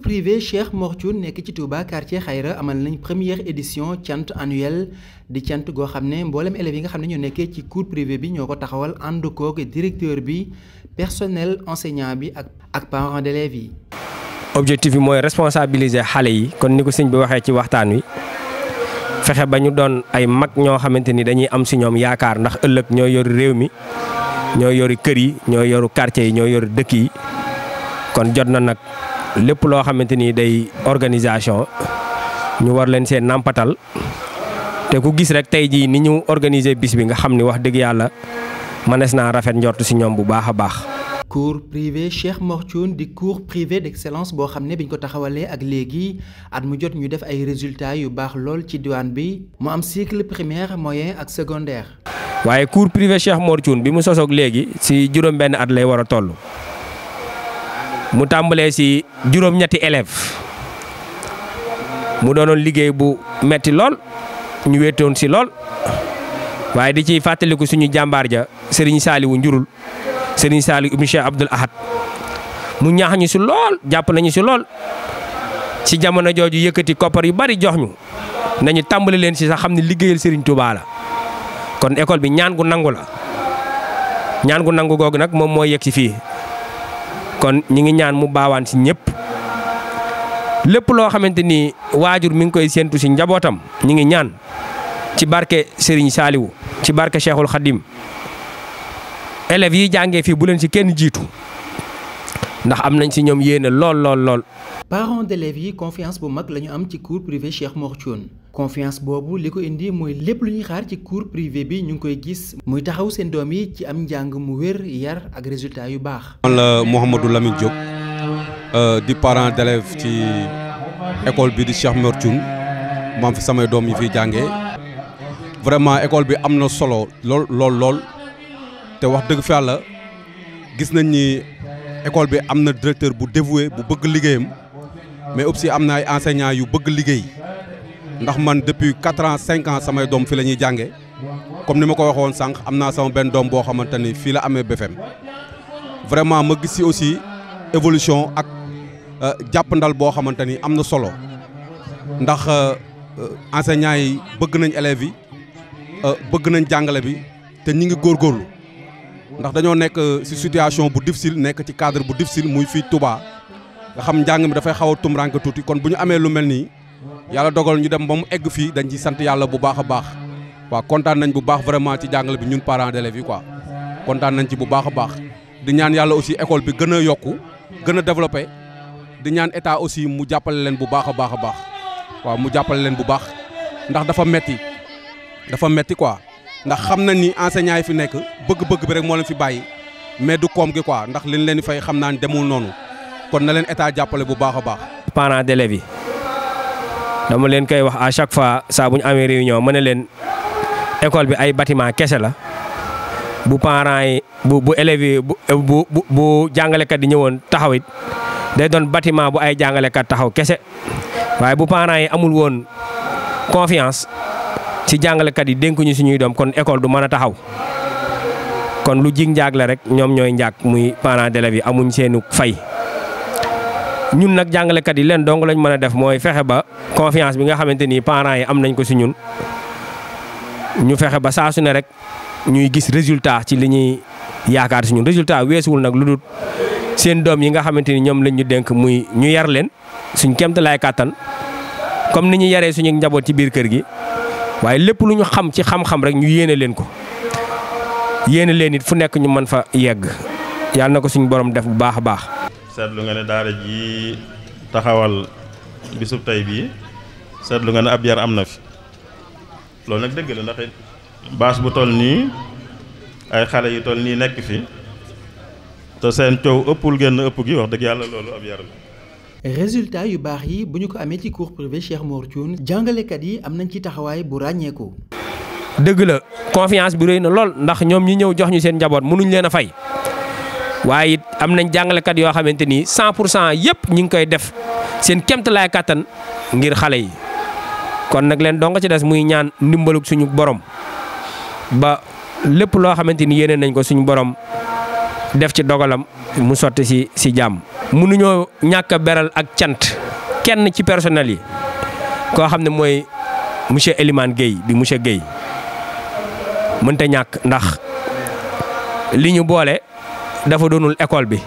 privé Cheikh Mor Thioune nekk ci Touba quartier Xayra amal nañ première édition cant annuelle di cant goo xam ne mboolem élèves yi nga xam ne ñoo nekkee ci cours privé bi ñoo ko taxawal ànd koog directeur bi personnel enseignant bi ak ak parents d'élèves yi. objectif bi mooy responsabiliser xale yi kon ni ko sëñ bi waxee ci waxtaan wi fexe ba ñu doon ay mag ñoo xamante ni dañuy am si ñoom yaakaar ndax ëllëg ñoo yoru réew mi ñoo yoru kër yi ñoo yoru quartier yi ñoo yoru dëkk yi kon jot na nag. lépp loo xamante ni day organisation ñu war leen seen nàmpatal te ku gis rek tey jii ni ñu organiser bis bi nga xam ni wax dëgg yàlla mënees naa rafet njort ci ñoom bu baax a baax. cours privé Cheikh Mor Thioune di cours privé d'excellence boo xam ne bi ñu ko taxawalee ak léegi at mu jot ñu def ay résultats yu baax lool ci diwaan bi mu am cycle primaire moyen ak secondaire. waaye cours privé Cheikh Mor bi mu sosoog léegi si juróom benn at lay war a toll. mu tàmbalee si juróom-ñetti élève mu doonoon liggéey bu metti lool ñu wéetoon ci lool waaye di ci fàttaliku suñu jàmbaar ja Serigne Saliou njurul Serigne Saliou ibn Cheikh Abdoul Ahad mu ñaax ñu lool jàpp nañu si lool ci jamono jooju yëkkati koppar yu bari jox ñu nañu tàmbali leen ci sax xam ne liggéeyal Serigne Touba kon école bi ñaan gu nangu la ñaan gu nangu googu nag moom moo yegg ci fii. kon ñi ngi ñaan mu baawaan si ñëpp lépp loo xamante ni waajur mi ngi koy séentu si njabootam ñi ngi ñaan ci barke Serigne saaliwu ci barke Cheikhul Khadim élèves yi jàngee fii bu leen si kenn jiitu. ndax am nañ ci ñoom yéene lool lool lool. parents d'élèves yi confiance bu mag la ñu am ci cours privé Cheikh Mor Thioune confiance boobu li ko indi mooy lépp lu ñuy xaar ci cours privé bi ñu ngi koy gis muy taxaw seen doom yi ci am njàng mu wér yar ak résultat yu baax. man la Mouhamadou Lamine Diop euh, di parent ci école bi di Cheikh Mor Thioune maam fi samay doom yi fiy jàngee vraiment école bi am na solo lool lool lool te wax dëgg fa gis nañ ni. école bi am na directeur bu dévoué bu bëgg liggéeyam mais aussi am na ay enseignants yu bëgg liggéey ndax man depuis quatre ans cinq ans samay doom fi la ñuy jàngee comme ni ma ko waxoon sànq am naa sama benn doom boo xamante ni fii la amee BFM vraiment ma gis si aussi évolution ak euh, jàppandal boo xamante ni am na solo ndax euh, euh, enseignants yi bëgg nañu élèves yi bëgg nañ jàngale bi te ñu ngi góor góorlu ndax dañoo nekk euh, si situation bu difficile nekk ci cadre bu difficile muy fii Touba nga xam njàng mi dafay xaw a tumranke tuuti kon bu ñu amee lu mel nii yàlla dogal ñu dem ba mu egg fii dañ ci sant yàlla bu baax a baax waa kontaan nañ bu baax vraiment ci jàngale bi ñun parents d'élèves yi quoi kontaan nañ ci bu baax a baax di ñaan yàlla aussi école bi gën a yokku gën a développé di ñaan état aussi mu jàppale leen bu baax a baax a baax waaw mu jàppale leen bu baax ndax dafa metti dafa metti quoi ndax xam na ni enseignant yi fi nekk bëgg-bëgg bi rek moo leen fi bàyyi mais du koom gi quoi ndax liñ leen di fay xam naa ne demul noonu kon na leen état jàppale bu baax a baax. parents d'élèves yi dama leen koy wax à chaque fois saa bu ñu amee réunion ma ne leen école bi ay bâtiment kese la bu parent yi bu bu élèves yi bu bu bu jàngalekat yi ñëwoon taxaw it day doon bâtiment bu ay jàngalekat taxaw kese waaye bu parents yi amul woon confiance. ci jàngalekat yi dénkuñu suñuy doom kon école du mën a taxaw kon lu jig njaag la rek ñoom ñooy njaag muy parents d'élèves yi amuñ seenu fay. ñun nag jàngalekat yi leen dong lañ mën a def mooy fexe ba confiance bi nga xamante ni parents yi am nañ ko si ñun ñu fexe ba saa ne rek ñuy gis résultat ci li ñuy yaakaar si ñun résultat weesuwul nag lu dul seen doom yi nga xamante ni ñoom lañ ñu dénk muy ñu yar leen suñ kemt lay kàttan comme ni ñu yaree suñu njaboot ci biir kër gi. waaye lépp lu ñu xam ci xam-xam rek ñu yéene leen ko yéene leen it fu nekk ñu mën fa yegg yàlla na ko suñu borom def bu baax a baax. lu nga ne daara ji taxawal bisub tey bii seetlu nga ne ab yar am na fi loolu nag dëgg la ndax baas bu toll nii ay xale yu toll nii nekk fi te seen coow ëppul génn ëpp gi wax dëgg yàlla loolu ab yar la. résultat yu baax yi bu ñu ko amee ci cours privé Cheikh Mor Thioune jàngalekat yi am nañ ci taxawaay bu ràññeeku. dëgg la confiance bi rëy na lool ndax ñoom ñi ñëw jox ñu seen njaboot mënuñ leen a fay waaye it am nañ jàngalekat yoo xamante ni 100 pour cent yëpp ñi ngi koy def seen kéemtalaay kàttan ngir xale yi kon nag leen dong ci des muy ñaan ndimbalug suñu borom ba lépp loo xamante ni yéene nañ ko suñu borom def ci dogalam mu sotti si si jàmm. mënuñoo ñàkk beral ak cant kenn ci personnel yi koo xam ne mooy monsieur Elimane Guèye bi monsieur Guèye mënta ñàkk ndax li ñu boole dafa doonul école bi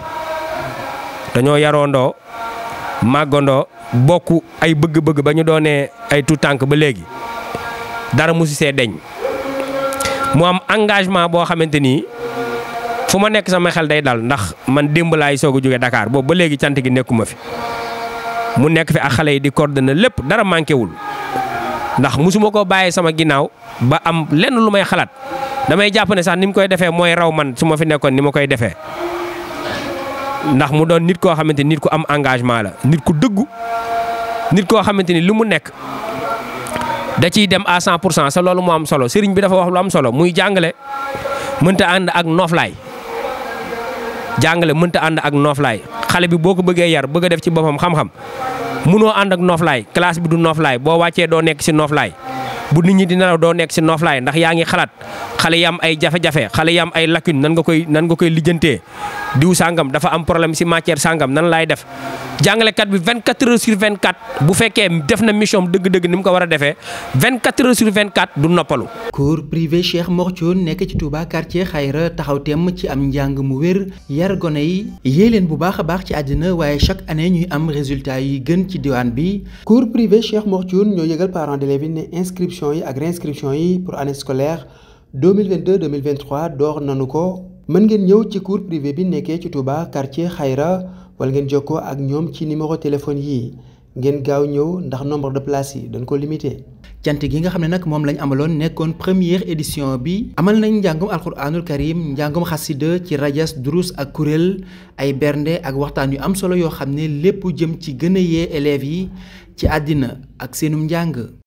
dañoo yaroondoo màggandoo bokk ay bëgg-bëgg ba ñu doonee ay tout tànk ba léegi dara musu see deñ mu am engagement boo xamante ni fu ma nekk sama xel day daal ndax man dimbalaay soo soog a dakaar boobu ba léegi cant gi nekkuma fi mu nekk fi a xale yi di coordonné lépp dara manqué wul ndax musuma koo bàyyi sama ginnaaw ba am lenn lu may xalaat damay jàpp ne sax ni mu koy defee mooy raw man su ma fi nekkoon ni ma koy defee. ndax mu doon nit koo xamante nit ku am engagement la nit ku dëggu nit koo xamante ni lu mu nekk da ciy dem à 100 pour cent sa loolu moo am solo sëriñ bi dafa wax lu am solo muy jàngale mënta ànd ak nooflaay. jàngale mënta ànd ak nooflaay xale bi boo ko bëggee yar bëgg a def ci boppam xam-xam munoo ànd ak nooflaay classe bi du nooflaay boo wàccee doo nekk si nooflaay bu nit ñi di nelaw doo nekk si nooflaay ndax yaa ngi xalaat xale yi am ay jafe-jafe xale yi am ay lacune nan nga koy nan nga koy lijjantee diw sàngam dafa am problème si matière sàngam nan laay def jàngalekat bi 24 heures sur 24 bu fekkee def na mission dëgg-dëgg ni mu ko war a defee 24 heures sur 24 du noppalu. cours privé Cheikh Mor Thion nekk ci Touba quartier Xayra taxaw temm ci am njàng mu wér yar gone yi yée leen bu baax a baax ci àddina waaye chaque année ñuy am résultat yi gën ci diwaan bi. cours privé Cheikh Mor Thion ñoo yëgal parents d'élèves yi ne inscription yi ak réinscription yi pour année scolaire 2022 2023 door nanu ko mën ngeen ñëw ci cours privé bi nekkee ci Touba quartier Xayra. wala ngeen jokkoo ak ñoom ci numéro téléphone yii ngeen gaaw ñëw ndax nombre de place yi dañ ko limité. cant gi nga xam ne nag moom lañ amaloon nekkoon première édition bi amal nañ njàngum alxuraanul karim njàngum xasida ci rajas durus ak kuréel ay bernde ak waxtaan yu am solo yoo xam ne lépp jëm ci gën a yee élèves yi ci àddina ak seenum njàng